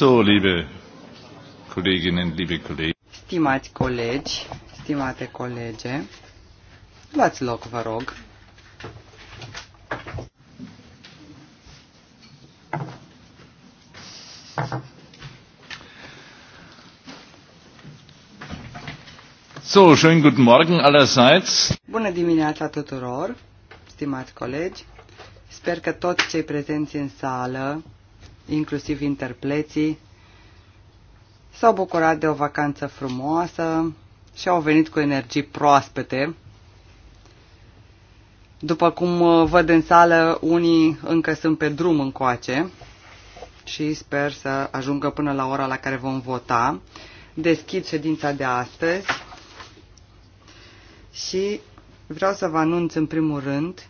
So, liebe Kolleginnen, liebe Kollegen. Stimați colegi, stimate colege, luați loc, vă rog. So, schönen guten Morgen allerseits. Bună dimineața tuturor, stimați colegi. Sper că toți cei prezenți în sală inclusiv interpleții, s-au bucurat de o vacanță frumoasă și au venit cu energii proaspete. După cum uh, văd în sală, unii încă sunt pe drum încoace și sper să ajungă până la ora la care vom vota. Deschid ședința de astăzi și vreau să vă anunț în primul rând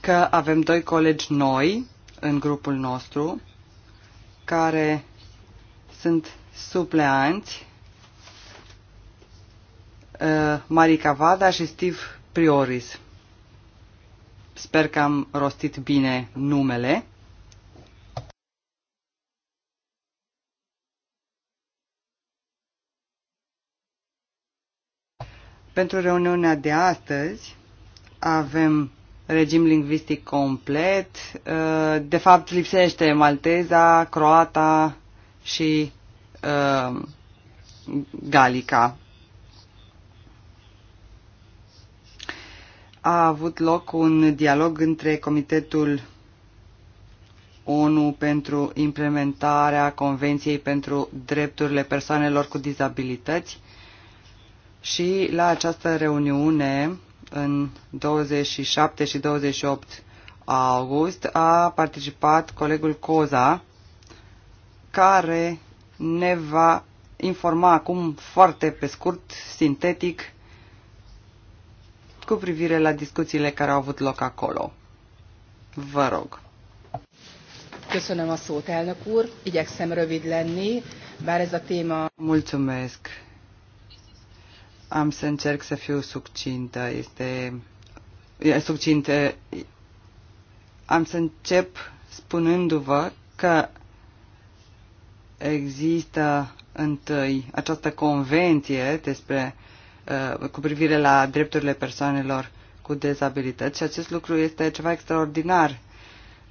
că avem doi colegi noi în grupul nostru care sunt supleanți, uh, Marica Vada și Steve Prioris. Sper că am rostit bine numele. Pentru reuniunea de astăzi, avem regim lingvistic complet. Uh, de fapt, lipsește malteza, croata și uh, galica. A avut loc un dialog între Comitetul ONU pentru implementarea Convenției pentru drepturile persoanelor cu dizabilități și la această reuniune în 27 și 28 august a participat colegul Coza, care ne va informa acum foarte pe scurt, sintetic, cu privire la discuțiile care au avut loc acolo. Vă rog. Mulțumesc, am să încerc să fiu succintă. Este succintă. Am să încep spunându-vă că există întâi această convenție despre, cu privire la drepturile persoanelor cu dezabilități și acest lucru este ceva extraordinar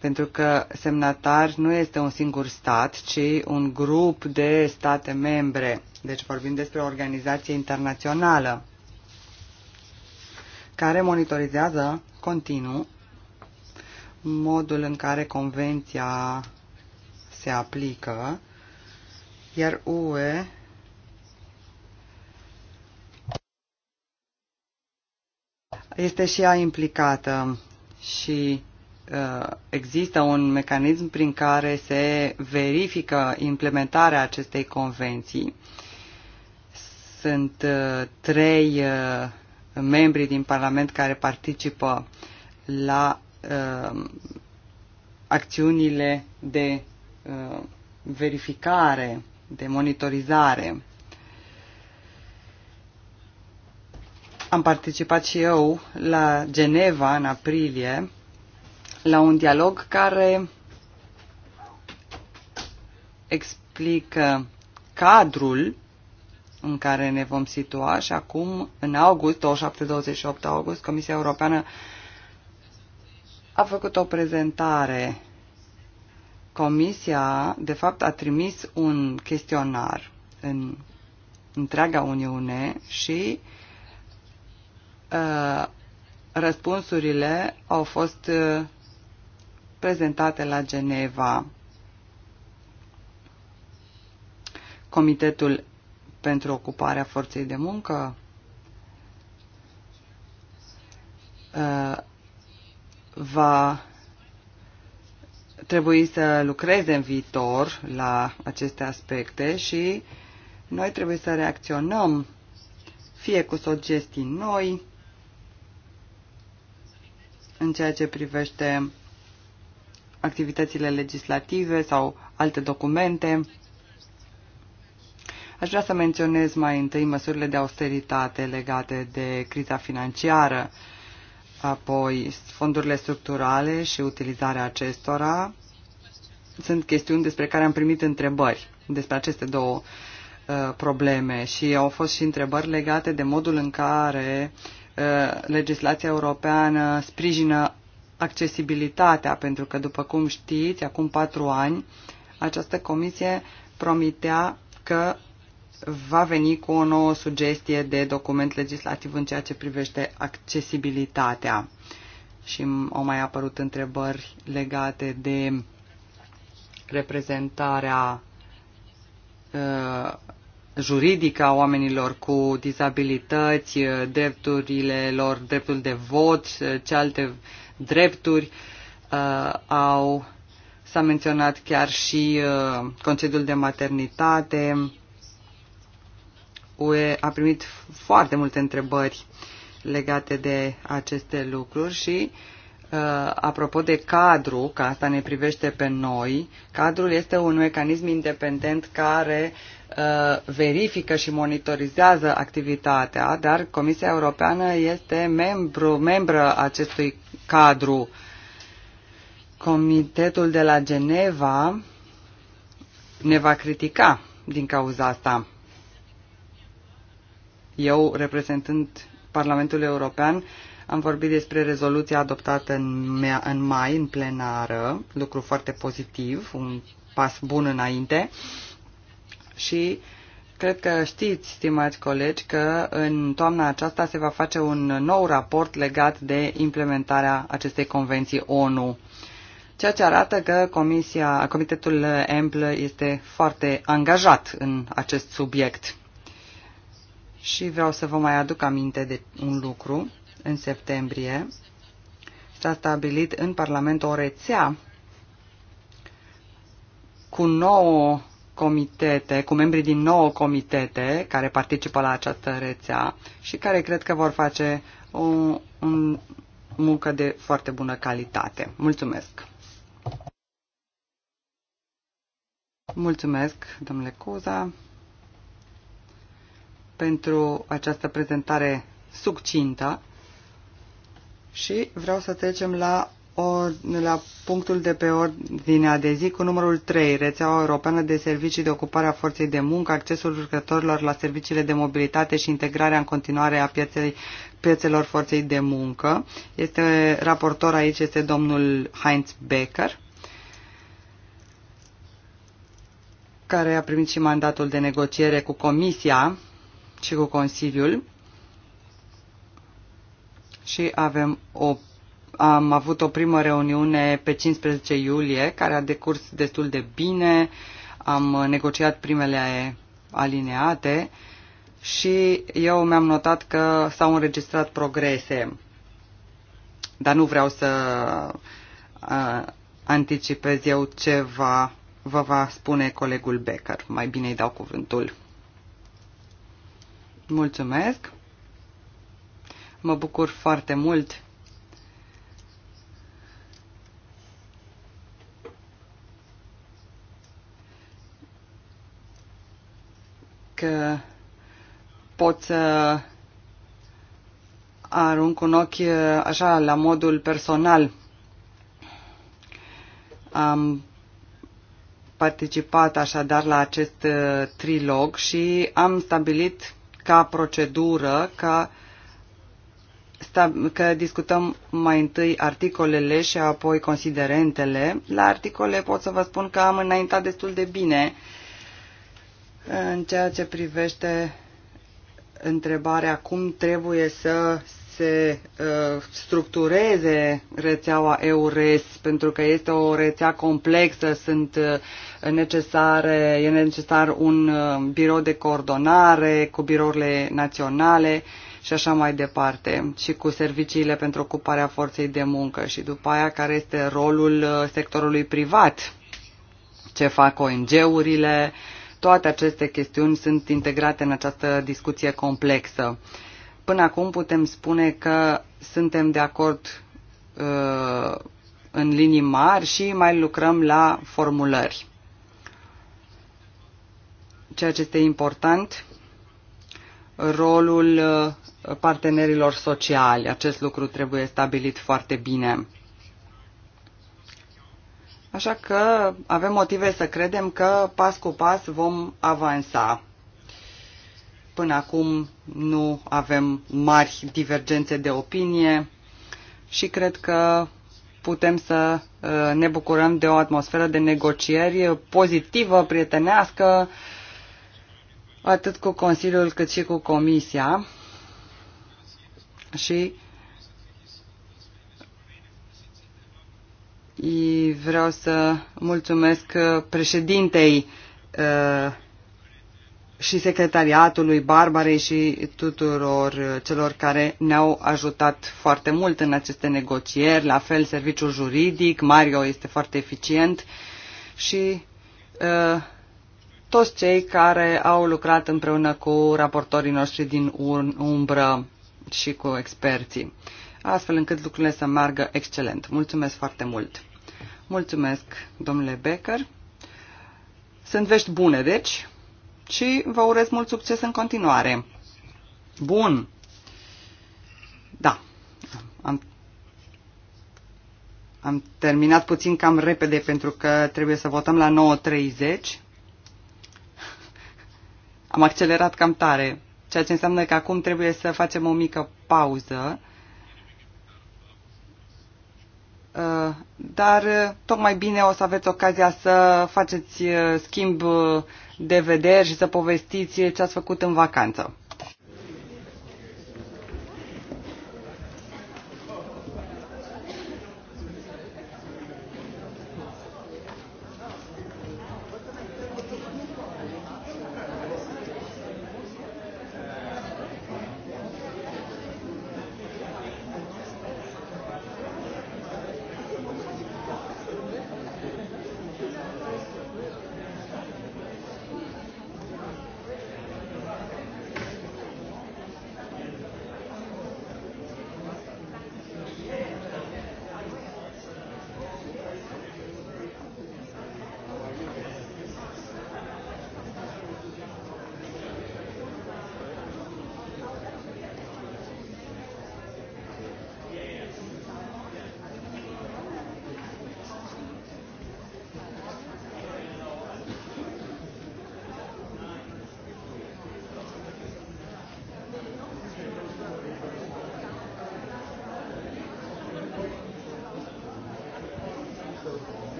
pentru că semnatar nu este un singur stat, ci un grup de state membre. Deci vorbim despre o organizație internațională care monitorizează continuu modul în care convenția se aplică, iar UE este și ea implicată și Uh, există un mecanism prin care se verifică implementarea acestei convenții. Sunt uh, trei uh, membri din Parlament care participă la acțiunile de verificare, de monitorizare. Am participat și eu la Geneva în aprilie la un dialog care explică cadrul în care ne vom situa și acum, în august, 27-28 august, Comisia Europeană a făcut o prezentare. Comisia, de fapt, a trimis un chestionar în întreaga Uniune și uh, răspunsurile au fost uh, prezentate la Geneva. Comitetul pentru ocuparea forței de muncă uh, va trebui să lucreze în viitor la aceste aspecte și noi trebuie să reacționăm fie cu sugestii noi în ceea ce privește activitățile legislative sau alte documente. Aș vrea să menționez mai întâi măsurile de austeritate legate de criza financiară, apoi fondurile structurale și utilizarea acestora. Sunt chestiuni despre care am primit întrebări despre aceste două uh, probleme și au fost și întrebări legate de modul în care uh, legislația europeană sprijină accesibilitatea, pentru că, după cum știți, acum patru ani, această comisie promitea că va veni cu o nouă sugestie de document legislativ în ceea ce privește accesibilitatea. Și au mai apărut întrebări legate de reprezentarea uh, juridică a oamenilor cu dizabilități, uh, drepturile lor, dreptul de vot, uh, ce alte drepturi, uh, au, s-a menționat chiar și uh, concediul de maternitate. UE a primit foarte multe întrebări legate de aceste lucruri și uh, apropo de cadru, că asta ne privește pe noi, cadrul este un mecanism independent care uh, verifică și monitorizează activitatea, dar Comisia Europeană este membru, membră acestui cadru. Comitetul de la Geneva ne va critica din cauza asta. Eu, reprezentând Parlamentul European, am vorbit despre rezoluția adoptată în, mea, în mai, în plenară, lucru foarte pozitiv, un pas bun înainte și Cred că știți, stimați colegi, că în toamna aceasta se va face un nou raport legat de implementarea acestei convenții ONU, ceea ce arată că Comisia, Comitetul EMPL este foarte angajat în acest subiect. Și vreau să vă mai aduc aminte de un lucru. În septembrie s-a stabilit în Parlament o rețea cu nouă comitete, cu membrii din nouă comitete care participă la această rețea și care cred că vor face o un, muncă de foarte bună calitate. Mulțumesc! Mulțumesc, domnule Cuza, pentru această prezentare succintă și vreau să trecem la or, la punctul de pe ordinea de zi cu numărul 3, rețeaua europeană de servicii de ocupare a forței de muncă, accesul lucrătorilor la serviciile de mobilitate și integrarea în continuare a pieței, piețelor forței de muncă. Este raportor aici este domnul Heinz Becker. care a primit și mandatul de negociere cu Comisia și cu Consiliul și avem o am avut o primă reuniune pe 15 iulie, care a decurs destul de bine. Am negociat primele alineate și eu mi-am notat că s-au înregistrat progrese. Dar nu vreau să uh, anticipez eu ce va, vă va spune colegul Becker. Mai bine îi dau cuvântul. Mulțumesc! Mă bucur foarte mult pot să arunc un ochi uh, așa la modul personal. Am participat așadar la acest uh, trilog și am stabilit ca procedură ca că discutăm mai întâi articolele și apoi considerentele. La articole pot să vă spun că am înaintat destul de bine uh, în ceea ce privește întrebarea cum trebuie să se uh, structureze rețeaua EURES, pentru că este o rețea complexă, sunt uh, necesare, e necesar un uh, birou de coordonare cu birourile naționale și așa mai departe, și cu serviciile pentru ocuparea forței de muncă și după aia care este rolul uh, sectorului privat, ce fac ONG-urile, uh, toate aceste chestiuni sunt integrate în această discuție complexă. Până acum putem spune că suntem de acord uh, în linii mari și mai lucrăm la formulări. Ceea ce este important, rolul uh, partenerilor sociali. Acest lucru trebuie stabilit foarte bine. Așa că avem motive să credem că pas cu pas vom avansa. Până acum nu avem mari divergențe de opinie și cred că putem să uh, ne bucurăm de o atmosferă de negocieri pozitivă, prietenească, atât cu Consiliul cât și cu Comisia. Și vreau să mulțumesc uh, președintei uh, și secretariatului Barbarei și tuturor uh, celor care ne-au ajutat foarte mult în aceste negocieri, la fel serviciul juridic, Mario este foarte eficient și toți cei care au lucrat împreună cu raportorii noștri din umbră și cu experții, astfel încât lucrurile să meargă excelent. Mulțumesc foarte mult! Mulțumesc, domnule Becker. Sunt vești bune, deci, și vă urez mult succes în continuare. Bun. Da. Am, am terminat puțin cam repede pentru că trebuie să votăm la 9.30. Am accelerat cam tare, ceea ce înseamnă că acum trebuie să facem o mică pauză Uh, dar uh, tocmai bine o să aveți ocazia să faceți uh, schimb de vederi și să povestiți ce ați făcut în vacanță.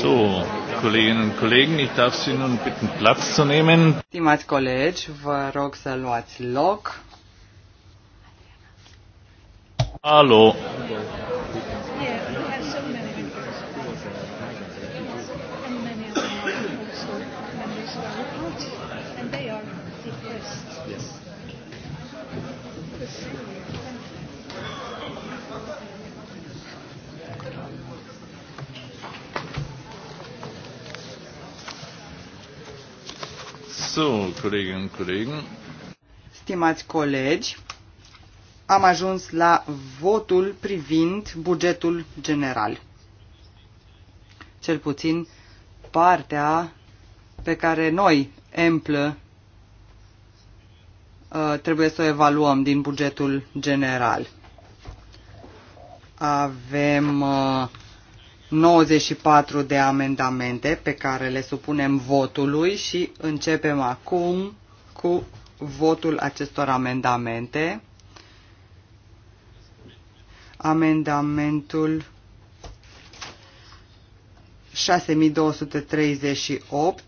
So, Kolleginnen und Kollegen, ich darf Sie nun bitten, Platz zu nehmen. Stimați colegi, vă rog să luați loc. Alo. So, Kolleginnen und Kollegen. Stimați colegi, am ajuns la votul privind bugetul general. Cel puțin partea pe care noi, emplă, uh, trebuie să o evaluăm din bugetul general. Avem uh, 94 de amendamente pe care le supunem votului și începem acum cu votul acestor amendamente. Amendamentul 6238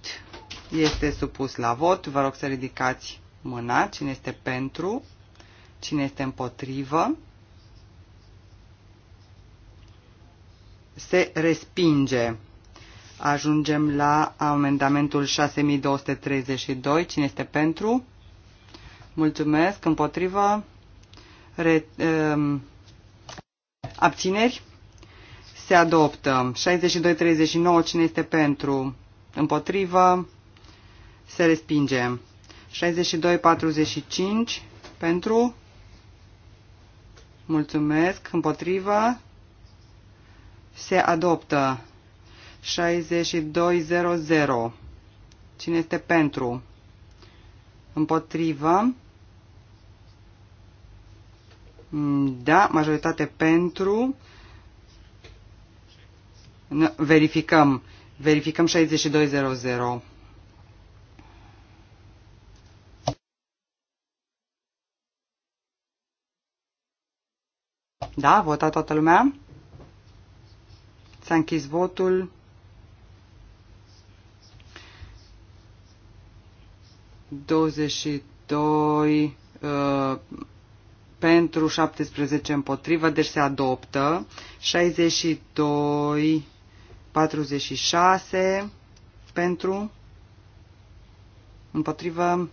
este supus la vot. Vă rog să ridicați mâna. Cine este pentru? Cine este împotrivă? se respinge. Ajungem la amendamentul 6232. Cine este pentru? Mulțumesc. Împotrivă? Re, um, abțineri? Se adoptă. 6239. Cine este pentru? Împotrivă? Se respinge. 6245. Pentru? Mulțumesc. Împotrivă? se adoptă. 6200. Cine este pentru? Împotrivă. Mm, da, majoritate pentru. Verificăm. Verificăm 6200. Da, a votat toată lumea? S-a închis votul. Douăzeci uh, pentru 17 împotrivă, deci se adoptă 62 46 pentru împotrivă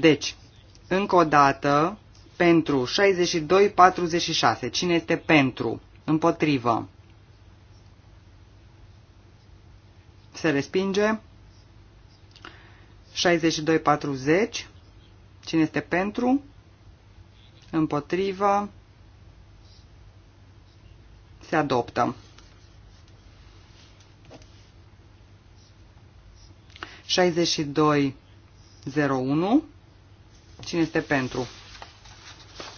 Deci, încă o dată, pentru 62-46. Cine este pentru? Împotrivă. Se respinge. 62-40. Cine este pentru? Împotrivă. Se adoptă. 62 01 Cine este pentru?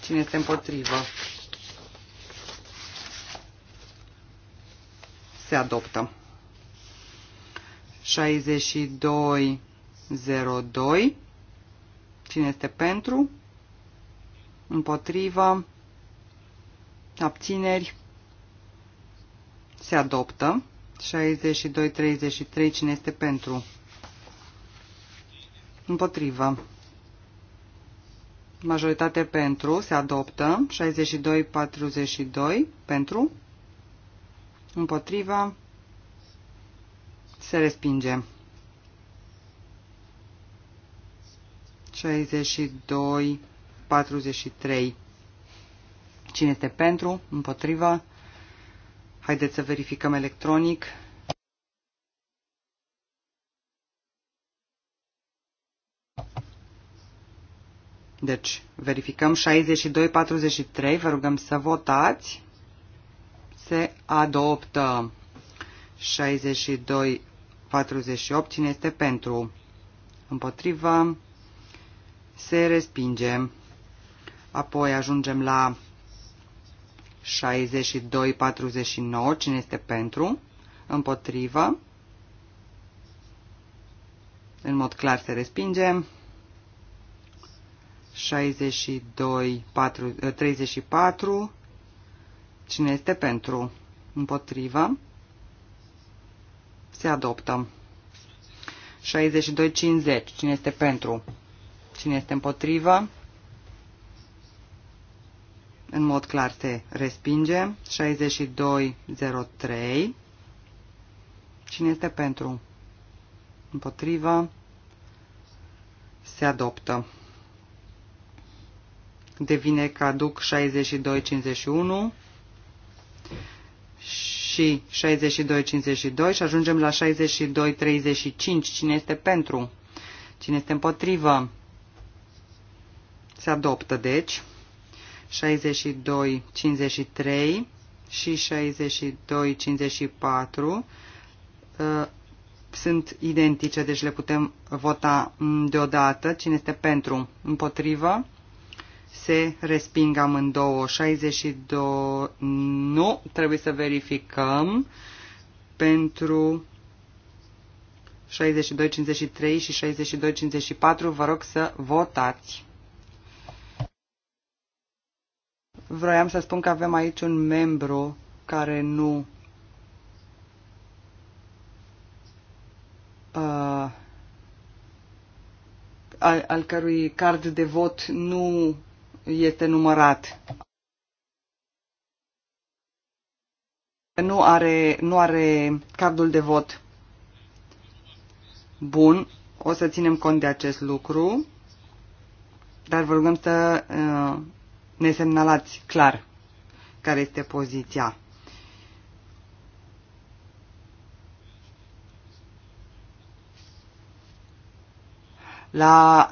Cine este împotrivă? Se adoptă. 6202. Cine este pentru? Împotrivă? Abțineri? Se adoptă. 6233. Cine este pentru? Împotrivă majoritate pentru, se adoptă, 62-42 pentru, împotriva, se respinge. 62, 43. Cine este pentru? Împotriva? Haideți să verificăm electronic. Deci, verificăm 62-43, vă rugăm să votați. Se adoptă 62-48, cine este pentru? Împotriva, se respinge. Apoi ajungem la 62-49, cine este pentru? Împotriva, în mod clar se respinge. 62, 4, 34. Cine este pentru? Împotrivă. Se adoptă. 62, 50. Cine este pentru? Cine este împotrivă? În mod clar se respinge. 62, 03. Cine este pentru? Împotrivă. Se adoptă devine caduc 6251 și 6252 și ajungem la 6235. Cine este pentru? Cine este împotrivă? Se adoptă, deci. 6253 și 6254 uh, sunt identice, deci le putem vota deodată. Cine este pentru? Împotrivă? se resping amândouă. 62 nu, trebuie să verificăm pentru 62, 53 și 62, 54. Vă rog să votați. Vroiam să spun că avem aici un membru care nu uh, al, al cărui card de vot nu este numărat. Nu are, nu are cardul de vot. Bun, o să ținem cont de acest lucru, dar vă rugăm să uh, ne semnalați clar care este poziția. La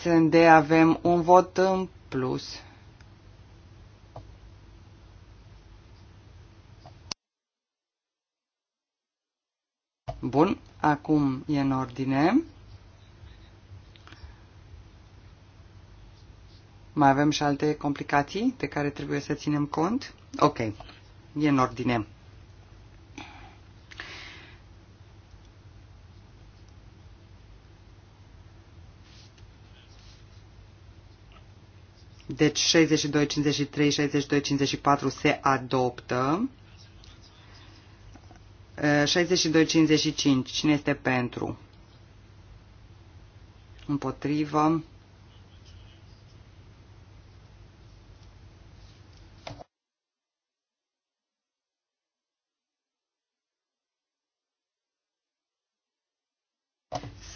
SND avem un vot în plus Bun, acum e în ordine. Mai avem și alte complicații de care trebuie să ținem cont? Ok, e în ordine. Deci 62, 53, 62, 54 se adoptă. 62, 55. Cine este pentru? Împotrivă.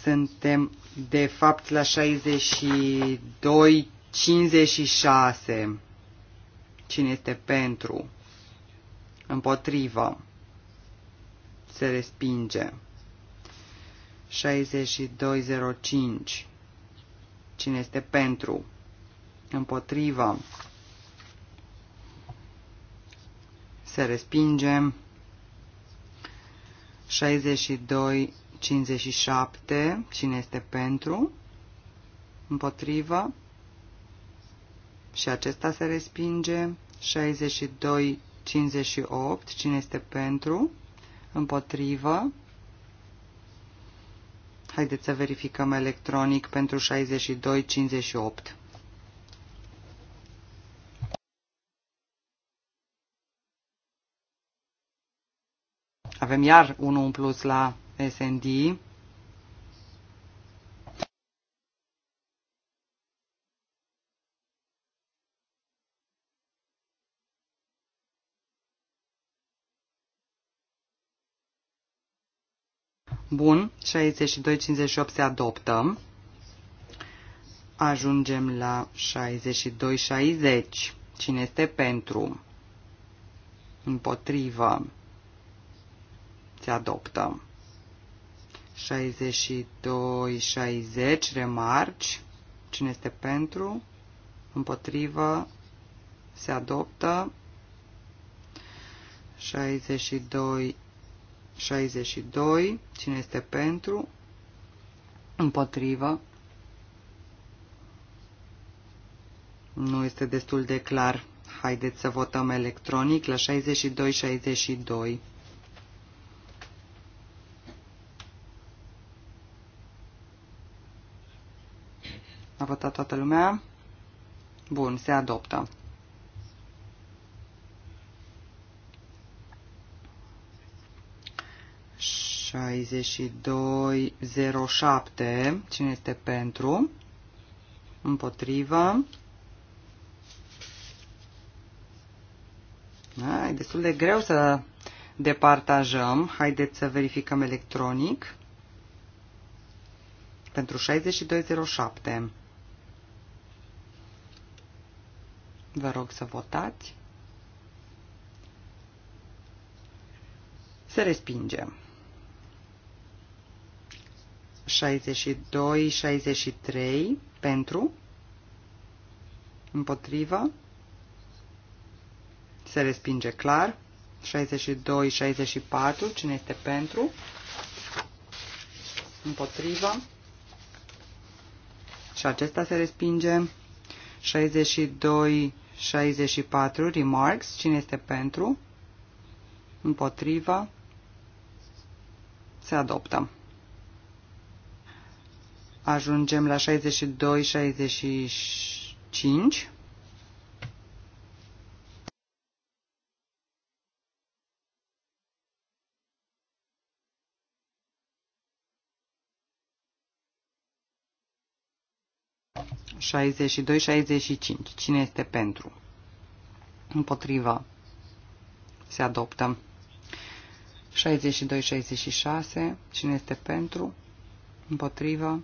Suntem, de fapt, la 62, 56. Cine este pentru? Împotrivă. Se respinge. 6205. Cine este pentru? Împotrivă. Se respinge. 6257 Cine este pentru? Împotrivă și acesta se respinge. 62, 58, cine este pentru, împotrivă. Haideți să verificăm electronic pentru 62, 58. Avem iar unul în plus la SND. Bun, 62-58 se adoptă. Ajungem la 62-60. Cine este pentru? Împotrivă. Se adoptă. 62-60. Remarci. Cine este pentru? Împotrivă. Se adoptă. 62 62. Cine este pentru? Împotrivă. Nu este destul de clar. Haideți să votăm electronic la 62-62. A votat toată lumea? Bun, se adoptă. 6207. Cine este pentru? Împotrivă. Da, e destul de greu să departajăm. Haideți să verificăm electronic. Pentru 6207. Vă rog să votați. Se respinge. 62, 63 pentru, împotrivă, se respinge clar, 62, 64, cine este pentru, împotrivă, și acesta se respinge, 62, 64, remarks, cine este pentru, împotrivă, se adoptă ajungem la 62-65. 62, 65. Cine este pentru? Împotriva. Se adoptă. 62-66. Cine este pentru? Împotriva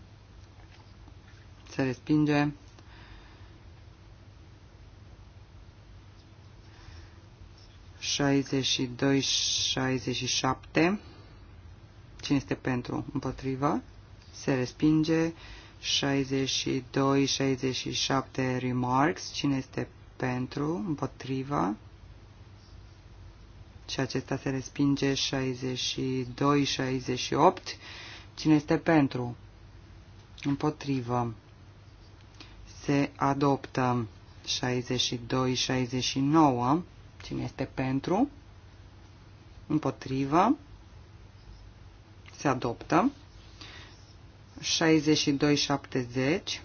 se respinge. Șaizeci doi, șaizeci șapte. Cine este pentru? Împotrivă. Se respinge. 62, 67 remarks. Cine este pentru? Împotriva. Și acesta se respinge 62, 68. Cine este pentru? Împotrivă se adoptă 62-69. Cine este pentru? Împotrivă. Se adoptă. 62-70.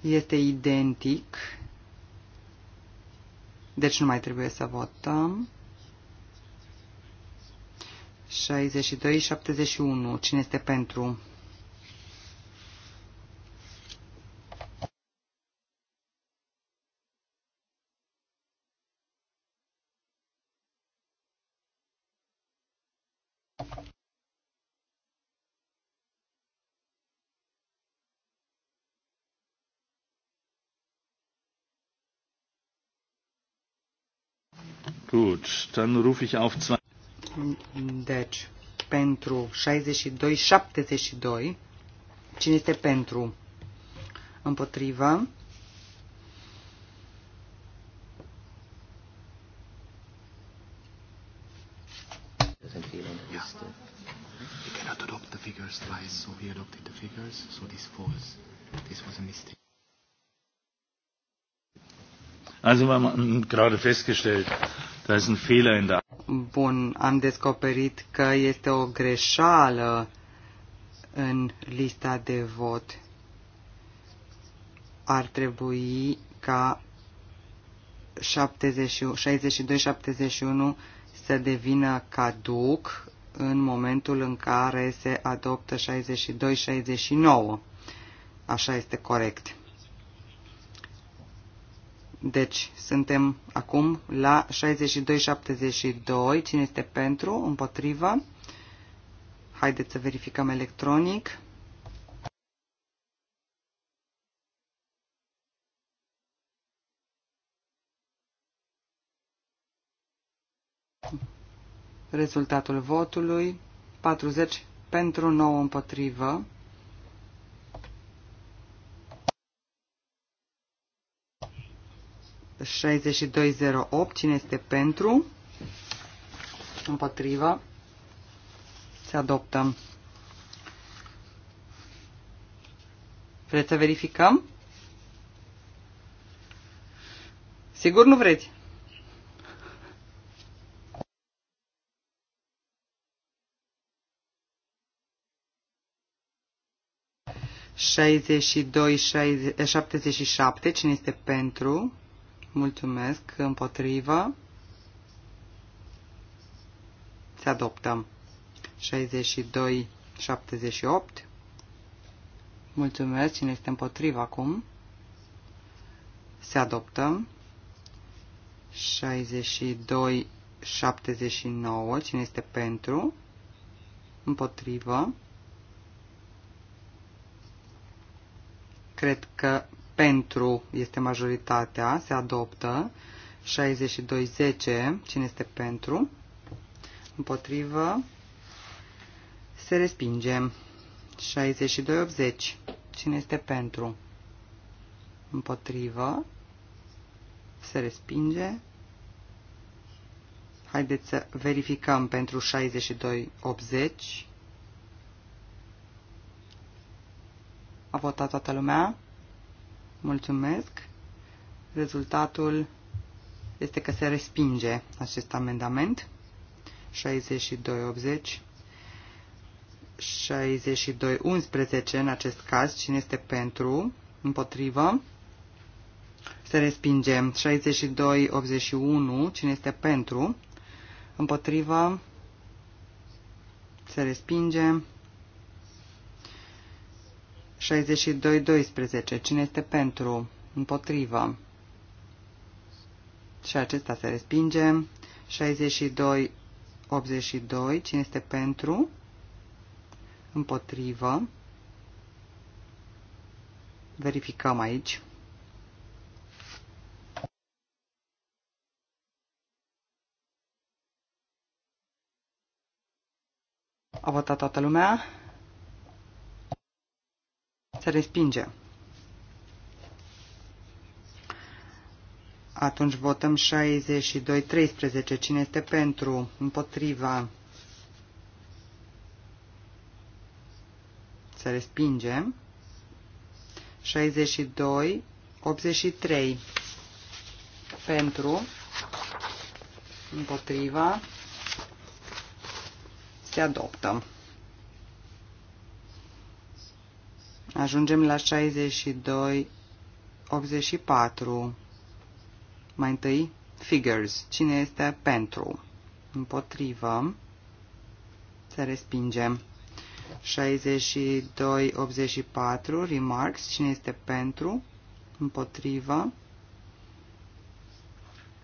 Este identic. Deci nu mai trebuie să votăm. 62-71. Cine este pentru? Gut, dann rufe ich auf zwei. Deci, pentru 62, 72. Cine este pentru? Împotriva. Also wir haben gerade festgestellt, da, da. Bun, am descoperit că este o greșeală în lista de vot. Ar trebui ca 62-71 să devină caduc în momentul în care se adoptă 62-69. Așa este corect. Deci, suntem acum la 62-72. Cine este pentru? Împotrivă? Haideți să verificăm electronic. Rezultatul votului 40 pentru 9 împotrivă. 6208. Cine este pentru? Împotrivă. Se adoptă. Vreți să verificăm? Sigur nu vreți? șaizeci și doi, șaptezeci și șapte, cine este pentru? Mulțumesc. Împotrivă. Se adoptă. 62, 78. Mulțumesc. Cine este împotrivă acum? Se adoptă. 62, 79. Cine este pentru? Împotrivă. Cred că pentru este majoritatea, se adoptă. 62.10, cine este pentru? Împotrivă, se respinge. 62.80, cine este pentru? Împotrivă, se respinge. Haideți să verificăm pentru 62.80. A votat toată lumea? Mulțumesc. Rezultatul este că se respinge acest amendament. 6280 6211 în acest caz. Cine este pentru? Împotrivă? Se respinge. 6281 Cine este pentru? Împotrivă? Se respinge. 62.12. Cine este pentru? Împotrivă. Și acesta se respinge. 62.82. Cine este pentru? Împotrivă. Verificăm aici. A votat toată lumea? se respinge. Atunci votăm 62, 13. Cine este pentru? Împotriva? Se respinge. 62, 83. Pentru? Împotriva? Se adoptă. Ajungem la 62, 84. Mai întâi, figures. Cine este pentru? Împotrivă. Să respingem. 62, 84. Remarks. Cine este pentru? Împotrivă.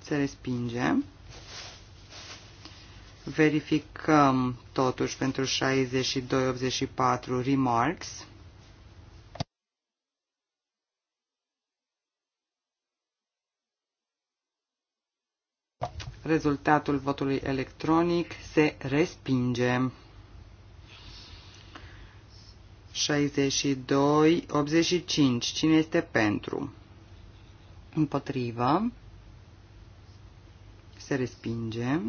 Să respingem. Verificăm totuși pentru 62, 84. Remarks. Rezultatul votului electronic se respinge. 62, 85. Cine este pentru? Împotrivă. Se respinge.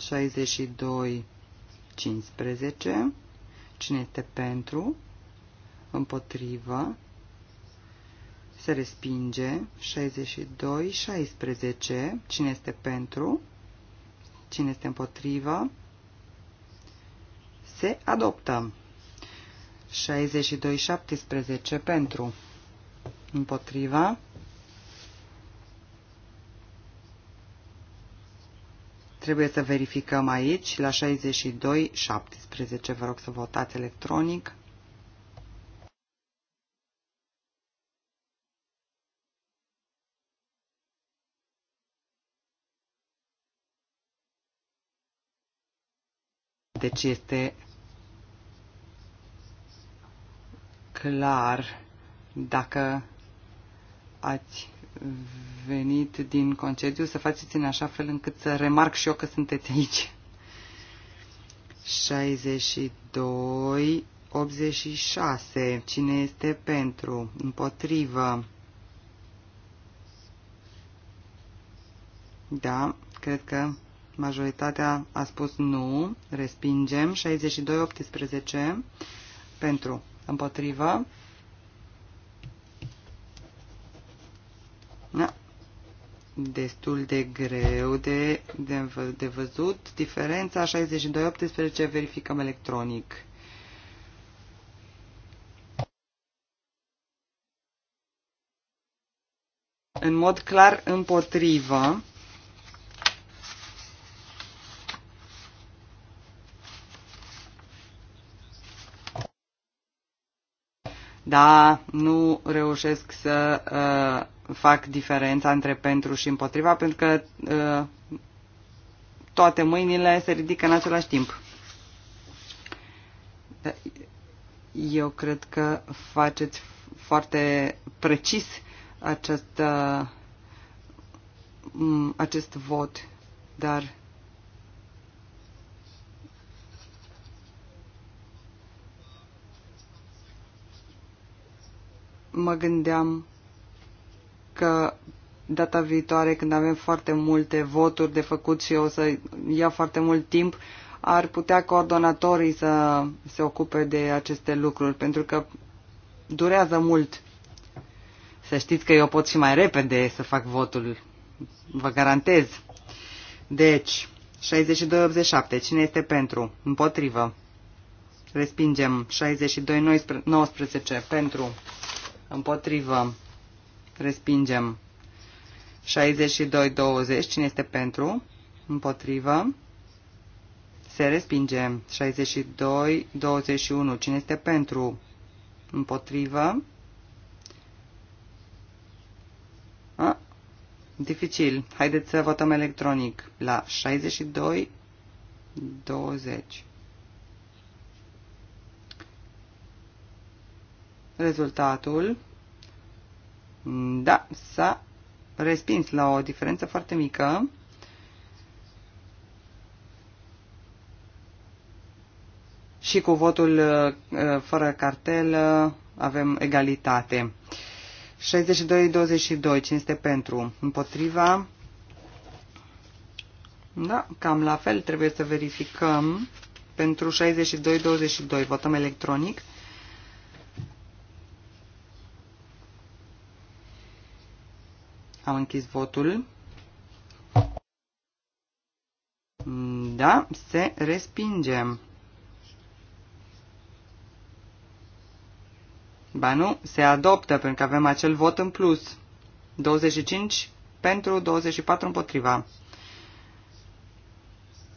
62, 15. Cine este pentru? Împotrivă. Se respinge. 62, 16. Cine este pentru? Cine este împotrivă? Se adoptă. 62-17 pentru. Împotriva. Trebuie să verificăm aici la 62-17. Vă rog să votați electronic. 62-17. Deci este clar dacă ați venit din concediu să faceți în așa fel încât să remarc și eu că sunteți aici. 62, 86. Cine este pentru? Împotrivă. Da, cred că Majoritatea a spus nu, respingem. 62-18 pentru, împotrivă. Da. Destul de greu de, de, de văzut. Diferența 62-18 verificăm electronic. În mod clar împotrivă. Da, nu reușesc să uh, fac diferența între pentru și împotriva, pentru că uh, toate mâinile se ridică în același timp. Da, eu cred că faceți foarte precis acest, uh, mm, acest vot, dar mă gândeam că data viitoare, când avem foarte multe voturi de făcut și o să ia foarte mult timp, ar putea coordonatorii să se ocupe de aceste lucruri, pentru că durează mult. Să știți că eu pot și mai repede să fac votul, vă garantez. Deci, 6287, cine este pentru? Împotrivă. Respingem 6219 pentru împotrivă, respingem. 62-20, cine este pentru, împotrivă, se respinge. 62-21, cine este pentru, împotrivă. A, dificil. Haideți să votăm electronic la 62-20. Rezultatul, da, s-a respins la o diferență foarte mică. Și cu votul uh, fără cartel avem egalitate. 62-22, este pentru, împotriva. Da, cam la fel trebuie să verificăm. Pentru 62-22 votăm electronic. Am închis votul. Da, se respinge. Ba nu, se adoptă pentru că avem acel vot în plus. 25 pentru, 24 împotriva.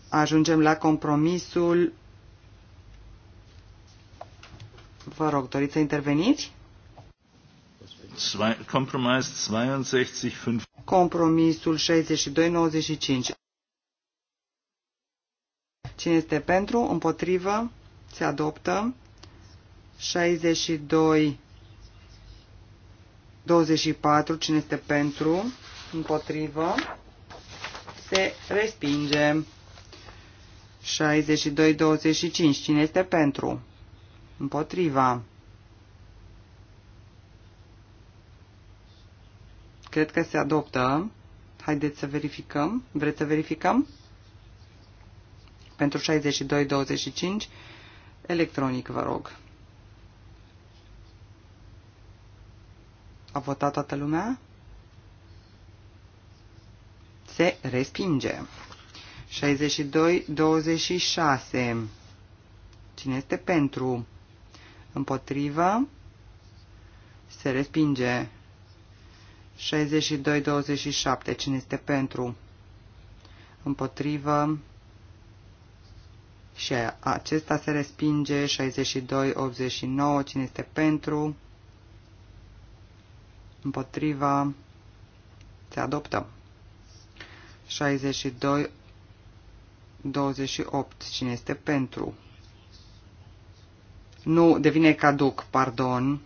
Ajungem la compromisul. Vă rog, doriți să interveniți? zwei, Kompromiss 62.5. Compromisul 62.95. Cine este pentru, împotrivă, se adoptă. 62, 24, cine este pentru, împotrivă, se respinge. 62, 25, cine este pentru, împotriva, Cred că se adoptă. Haideți să verificăm. Vreți să verificăm? Pentru 62-25, electronic, vă rog. A votat toată lumea? Se respinge. 62-26. Cine este pentru? Împotrivă? Se respinge. 62-27. Cine este pentru? Împotrivă. Și acesta se respinge. 62-89. Cine este pentru? Împotriva. Se adoptă. 62 28. Cine este pentru? Nu, devine caduc, pardon.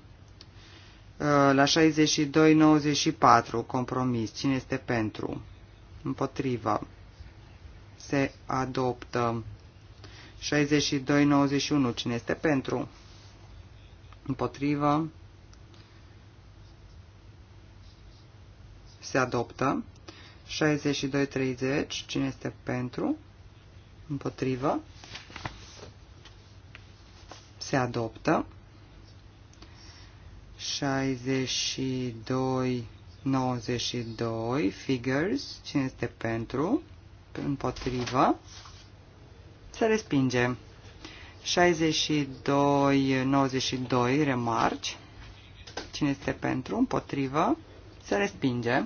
Uh, la 62-94, compromis. Cine este pentru? Împotrivă. Se adoptă. 62-91, cine este pentru? Împotrivă. Se adoptă. 62-30, cine este pentru? Împotrivă. Se adoptă. 62, 92, figures, cine este pentru, împotrivă, se respinge. 62, 92, remarci, cine este pentru, împotrivă, se respinge.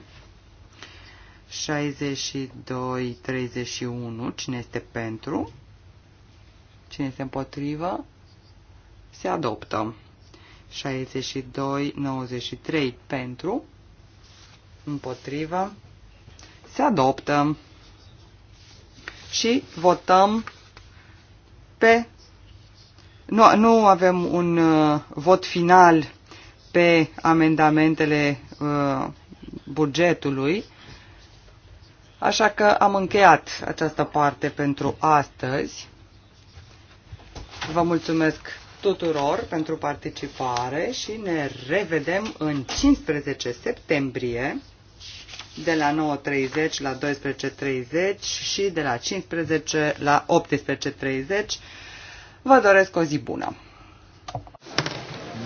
62, 31, cine este pentru, cine este împotrivă, se adoptă. 62-93 pentru, împotrivă, se adoptă și votăm pe... Nu, nu avem un uh, vot final pe amendamentele uh, bugetului, așa că am încheiat această parte pentru astăzi. Vă mulțumesc tuturor pentru participare și ne revedem în 15 septembrie de la 9.30 la 12.30 și de la 15 la 18.30. Vă doresc o zi bună!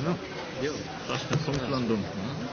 Nu, Eu,